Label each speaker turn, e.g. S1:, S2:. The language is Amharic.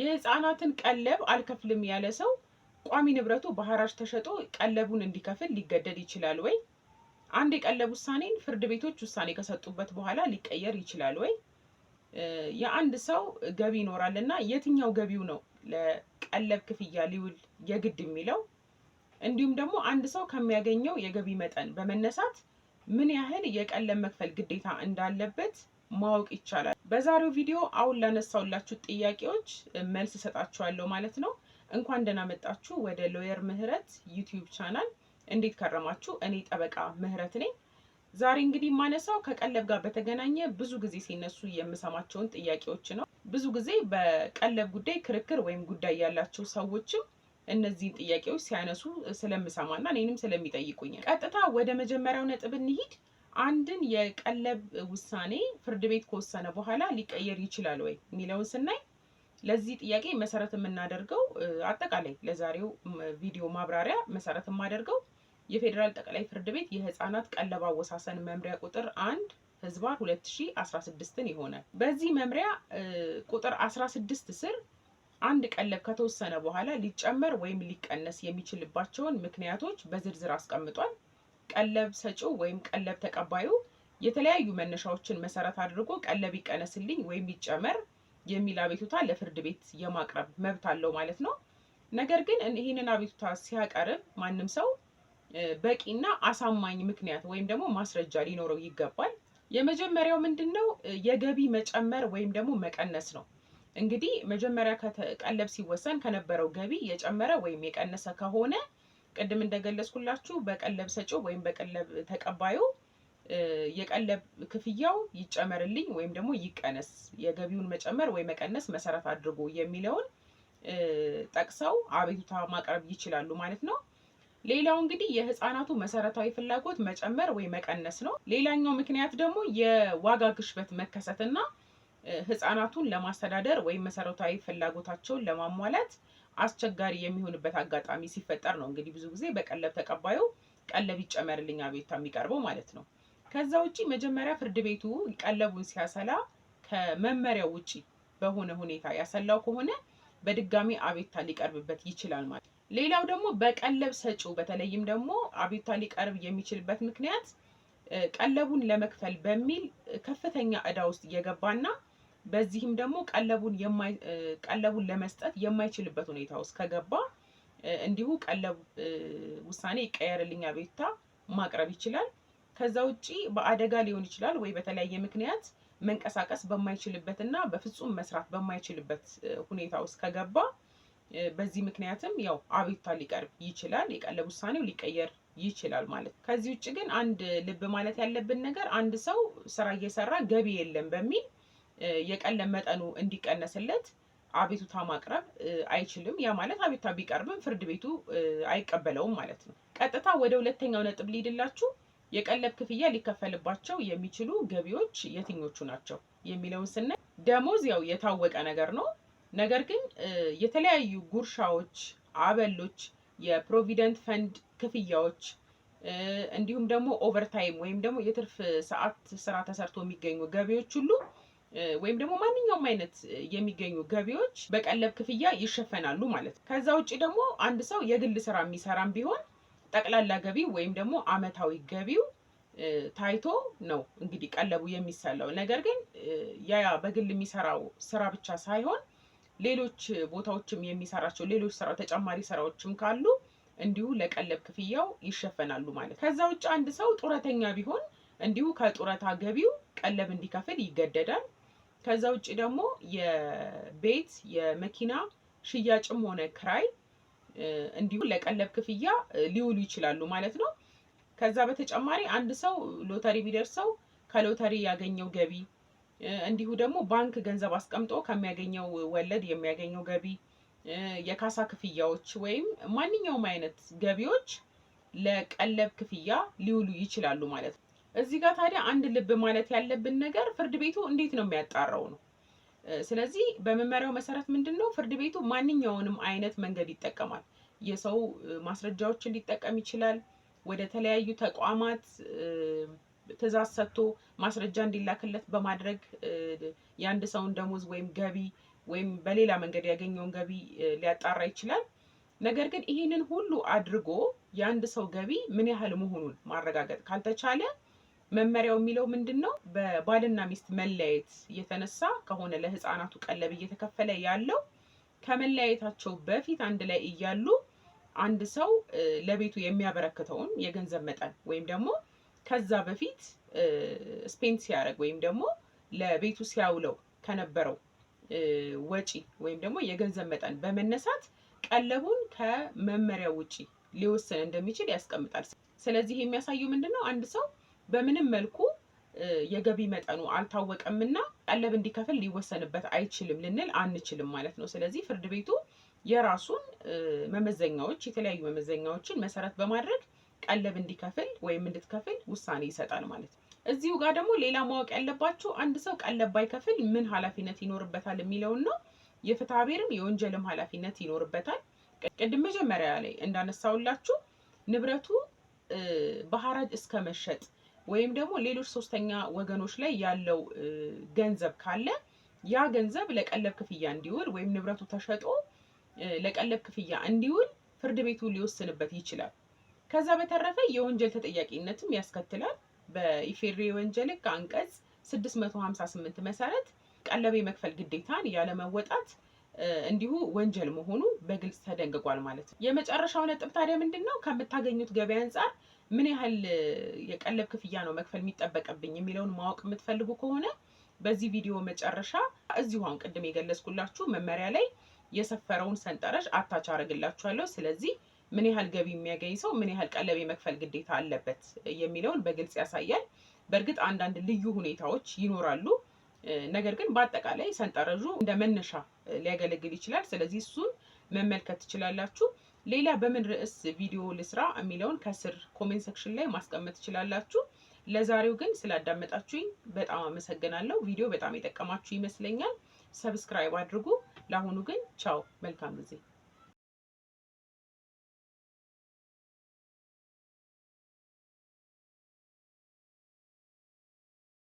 S1: የህፃናትን ቀለብ አልከፍልም ያለ ሰው ቋሚ ንብረቱ በሐራጅ ተሸጦ ቀለቡን እንዲከፍል ሊገደድ ይችላል ወይ? አንድ የቀለብ ውሳኔን ፍርድ ቤቶች ውሳኔ ከሰጡበት በኋላ ሊቀየር ይችላል ወይ? የአንድ ሰው ገቢ ይኖራል እና የትኛው ገቢው ነው ለቀለብ ክፍያ ሊውል የግድ የሚለው? እንዲሁም ደግሞ አንድ ሰው ከሚያገኘው የገቢ መጠን በመነሳት ምን ያህል የቀለብ መክፈል ግዴታ እንዳለበት ማወቅ ይቻላል። በዛሬው ቪዲዮ አሁን ላነሳውላችሁ ጥያቄዎች መልስ እሰጣችኋለሁ ማለት ነው። እንኳን ደህና መጣችሁ ወደ ሎየር ምህረት ዩቲዩብ ቻናል። እንዴት ከረማችሁ? እኔ ጠበቃ ምህረት ነኝ። ዛሬ እንግዲህ ማነሳው ከቀለብ ጋር በተገናኘ ብዙ ጊዜ ሲነሱ የምሰማቸውን ጥያቄዎች ነው። ብዙ ጊዜ በቀለብ ጉዳይ ክርክር ወይም ጉዳይ ያላቸው ሰዎችም እነዚህን ጥያቄዎች ሲያነሱ ስለምሰማና እኔንም ስለሚጠይቁኝ ቀጥታ ወደ መጀመሪያው ነጥብ እንሂድ። አንድን የቀለብ ውሳኔ ፍርድ ቤት ከወሰነ በኋላ ሊቀየር ይችላል ወይ የሚለውን ስናይ ለዚህ ጥያቄ መሰረት የምናደርገው አጠቃላይ ለዛሬው ቪዲዮ ማብራሪያ መሰረት የማደርገው የፌዴራል ጠቅላይ ፍርድ ቤት የህፃናት ቀለብ አወሳሰን መምሪያ ቁጥር አንድ ህዝባር 2016ን ይሆናል። በዚህ መምሪያ ቁጥር 16 ስር አንድ ቀለብ ከተወሰነ በኋላ ሊጨመር ወይም ሊቀነስ የሚችልባቸውን ምክንያቶች በዝርዝር አስቀምጧል። ቀለብ ሰጪው ወይም ቀለብ ተቀባዩ የተለያዩ መነሻዎችን መሰረት አድርጎ ቀለብ ይቀነስልኝ ወይም ይጨመር የሚል አቤቱታ ለፍርድ ቤት የማቅረብ መብት አለው ማለት ነው። ነገር ግን ይህንን አቤቱታ ሲያቀርብ ማንም ሰው በቂና አሳማኝ ምክንያት ወይም ደግሞ ማስረጃ ሊኖረው ይገባል። የመጀመሪያው ምንድን ነው? የገቢ መጨመር ወይም ደግሞ መቀነስ ነው። እንግዲህ መጀመሪያ ቀለብ ሲወሰን ከነበረው ገቢ የጨመረ ወይም የቀነሰ ከሆነ ቅድም እንደገለጽኩላችሁ በቀለብ ሰጪው ወይም በቀለብ ተቀባዩ የቀለብ ክፍያው ይጨመርልኝ ወይም ደግሞ ይቀነስ፣ የገቢውን መጨመር ወይ መቀነስ መሰረት አድርጎ የሚለውን ጠቅሰው አቤቱታ ማቅረብ ይችላሉ ማለት ነው። ሌላው እንግዲህ የህፃናቱ መሰረታዊ ፍላጎት መጨመር ወይ መቀነስ ነው። ሌላኛው ምክንያት ደግሞ የዋጋ ግሽበት መከሰትና ህፃናቱን ለማስተዳደር ወይም መሰረታዊ ፍላጎታቸውን ለማሟላት አስቸጋሪ የሚሆንበት አጋጣሚ ሲፈጠር ነው እንግዲህ ብዙ ጊዜ በቀለብ ተቀባዩ ቀለብ ይጨመርልኝ አቤቱታ የሚቀርበው ማለት ነው። ከዛ ውጪ መጀመሪያ ፍርድ ቤቱ ቀለቡን ሲያሰላ ከመመሪያው ውጪ በሆነ ሁኔታ ያሰላው ከሆነ በድጋሚ አቤቱታ ሊቀርብበት ይችላል ማለት ነው። ሌላው ደግሞ በቀለብ ሰጪው በተለይም ደግሞ አቤቱታ ሊቀርብ የሚችልበት ምክንያት ቀለቡን ለመክፈል በሚል ከፍተኛ እዳ ውስጥ እየገባና በዚህም ደግሞ ቀለቡን ቀለቡን ለመስጠት የማይችልበት ሁኔታ ውስጥ ከገባ እንዲሁ ቀለብ ውሳኔ ይቀየርልኝ አቤቱታ ማቅረብ ይችላል። ከዛ ውጪ በአደጋ ሊሆን ይችላል ወይ በተለያየ ምክንያት መንቀሳቀስ በማይችልበት እና በፍጹም መስራት በማይችልበት ሁኔታ ውስጥ ከገባ በዚህ ምክንያትም ያው አቤቱታ ሊቀርብ ይችላል። የቀለብ ውሳኔው ሊቀየር ይችላል ማለት ነው። ከዚህ ውጭ ግን አንድ ልብ ማለት ያለብን ነገር አንድ ሰው ስራ እየሰራ ገቢ የለም በሚል የቀለም መጠኑ እንዲቀነስለት አቤቱታ ማቅረብ አይችልም። ያ ማለት አቤቱታ ቢቀርብም ፍርድ ቤቱ አይቀበለውም ማለት ነው። ቀጥታ ወደ ሁለተኛው ነጥብ ሊሄድላችሁ የቀለብ ክፍያ ሊከፈልባቸው የሚችሉ ገቢዎች የትኞቹ ናቸው የሚለውን ስናይ ደሞዝ ያው የታወቀ ነገር ነው። ነገር ግን የተለያዩ ጉርሻዎች፣ አበሎች፣ የፕሮቪደንት ፈንድ ክፍያዎች እንዲሁም ደግሞ ኦቨርታይም ወይም ደግሞ የትርፍ ሰዓት ስራ ተሰርቶ የሚገኙ ገቢዎች ሁሉ ወይም ደግሞ ማንኛውም አይነት የሚገኙ ገቢዎች በቀለብ ክፍያ ይሸፈናሉ ማለት ነው። ከዛ ውጭ ደግሞ አንድ ሰው የግል ስራ የሚሰራም ቢሆን ጠቅላላ ገቢው ወይም ደግሞ አመታዊ ገቢው ታይቶ ነው እንግዲህ ቀለቡ የሚሰላው። ነገር ግን ያ በግል የሚሰራው ስራ ብቻ ሳይሆን ሌሎች ቦታዎችም የሚሰራቸው ሌሎች ስራ ተጨማሪ ስራዎችም ካሉ እንዲሁ ለቀለብ ክፍያው ይሸፈናሉ ማለት ነው። ከዛ ውጭ አንድ ሰው ጡረተኛ ቢሆን እንዲሁ ከጡረታ ገቢው ቀለብ እንዲከፍል ይገደዳል። ከዛ ውጭ ደግሞ የቤት የመኪና ሽያጭም ሆነ ክራይ እንዲሁም ለቀለብ ክፍያ ሊውሉ ይችላሉ ማለት ነው። ከዛ በተጨማሪ አንድ ሰው ሎተሪ ቢደርሰው ከሎተሪ ያገኘው ገቢ እንዲሁ ደግሞ ባንክ ገንዘብ አስቀምጦ ከሚያገኘው ወለድ የሚያገኘው ገቢ፣ የካሳ ክፍያዎች ወይም ማንኛውም አይነት ገቢዎች ለቀለብ ክፍያ ሊውሉ ይችላሉ ማለት ነው። እዚህ ጋር ታዲያ አንድ ልብ ማለት ያለብን ነገር ፍርድ ቤቱ እንዴት ነው የሚያጣራው ነው። ስለዚህ በመመሪያው መሰረት ምንድን ነው ፍርድ ቤቱ ማንኛውንም አይነት መንገድ ይጠቀማል። የሰው ማስረጃዎችን ሊጠቀም ይችላል። ወደ ተለያዩ ተቋማት ትእዛዝ ሰጥቶ ማስረጃ እንዲላክለት በማድረግ የአንድ ሰውን ደሞዝ ወይም ገቢ ወይም በሌላ መንገድ ያገኘውን ገቢ ሊያጣራ ይችላል። ነገር ግን ይህንን ሁሉ አድርጎ የአንድ ሰው ገቢ ምን ያህል መሆኑን ማረጋገጥ ካልተቻለ መመሪያው የሚለው ምንድን ነው? በባልና ሚስት መለያየት የተነሳ ከሆነ ለህፃናቱ ቀለብ እየተከፈለ ያለው ከመለያየታቸው በፊት አንድ ላይ እያሉ አንድ ሰው ለቤቱ የሚያበረክተውን የገንዘብ መጠን ወይም ደግሞ ከዛ በፊት ስፔንድ ሲያደርግ ወይም ደግሞ ለቤቱ ሲያውለው ከነበረው ወጪ ወይም ደግሞ የገንዘብ መጠን በመነሳት ቀለቡን ከመመሪያው ውጪ ሊወስን እንደሚችል ያስቀምጣል። ስለዚህ የሚያሳየው ምንድን ነው? አንድ ሰው በምንም መልኩ የገቢ መጠኑ አልታወቀምና ቀለብ እንዲከፍል ሊወሰንበት አይችልም ልንል አንችልም ማለት ነው። ስለዚህ ፍርድ ቤቱ የራሱን መመዘኛዎች የተለያዩ መመዘኛዎችን መሰረት በማድረግ ቀለብ እንዲከፍል ወይም እንድትከፍል ውሳኔ ይሰጣል ማለት ነው። እዚሁ ጋር ደግሞ ሌላ ማወቅ ያለባችሁ አንድ ሰው ቀለብ ባይከፍል ምን ኃላፊነት ይኖርበታል የሚለውን ነው። የፍትሐ ብሔርም የወንጀልም ኃላፊነት ይኖርበታል። ቅድም መጀመሪያ ላይ እንዳነሳውላችሁ ንብረቱ በሐራጅ እስከ መሸጥ ወይም ደግሞ ሌሎች ሶስተኛ ወገኖች ላይ ያለው ገንዘብ ካለ ያ ገንዘብ ለቀለብ ክፍያ እንዲውል ወይም ንብረቱ ተሸጦ ለቀለብ ክፍያ እንዲውል ፍርድ ቤቱ ሊወስንበት ይችላል። ከዛ በተረፈ የወንጀል ተጠያቂነትም ያስከትላል። በኢፌድሪ የወንጀል ህግ አንቀጽ 658 መሰረት ቀለብ የመክፈል ግዴታን ያለመወጣት እንዲሁ ወንጀል መሆኑ በግልጽ ተደንግጓል ማለት ነው። የመጨረሻው ነጥብ ታዲያ ምንድን ነው? ከምታገኙት ገቢ አንጻር ምን ያህል የቀለብ ክፍያ ነው መክፈል የሚጠበቅብኝ የሚለውን ማወቅ የምትፈልጉ ከሆነ በዚህ ቪዲዮ መጨረሻ እዚሁ አሁን ቅድም የገለጽኩላችሁ መመሪያ ላይ የሰፈረውን ሰንጠረዥ አታች አደርግላችኋለሁ። ስለዚህ ምን ያህል ገቢ የሚያገኝ ሰው ምን ያህል ቀለብ የመክፈል ግዴታ አለበት የሚለውን በግልጽ ያሳያል። በእርግጥ አንዳንድ ልዩ ሁኔታዎች ይኖራሉ። ነገር ግን በአጠቃላይ ሰንጠረዡ እንደ መነሻ ሊያገለግል ይችላል። ስለዚህ እሱን መመልከት ትችላላችሁ። ሌላ በምን ርዕስ ቪዲዮ ልስራ የሚለውን ከስር ኮሜንት ሴክሽን ላይ ማስቀመጥ ትችላላችሁ። ለዛሬው ግን ስላዳመጣችሁኝ በጣም አመሰግናለሁ። ቪዲዮ በጣም የጠቀማችሁ ይመስለኛል። ሰብስክራይብ አድርጉ። ለአሁኑ ግን ቻው፣ መልካም ጊዜ።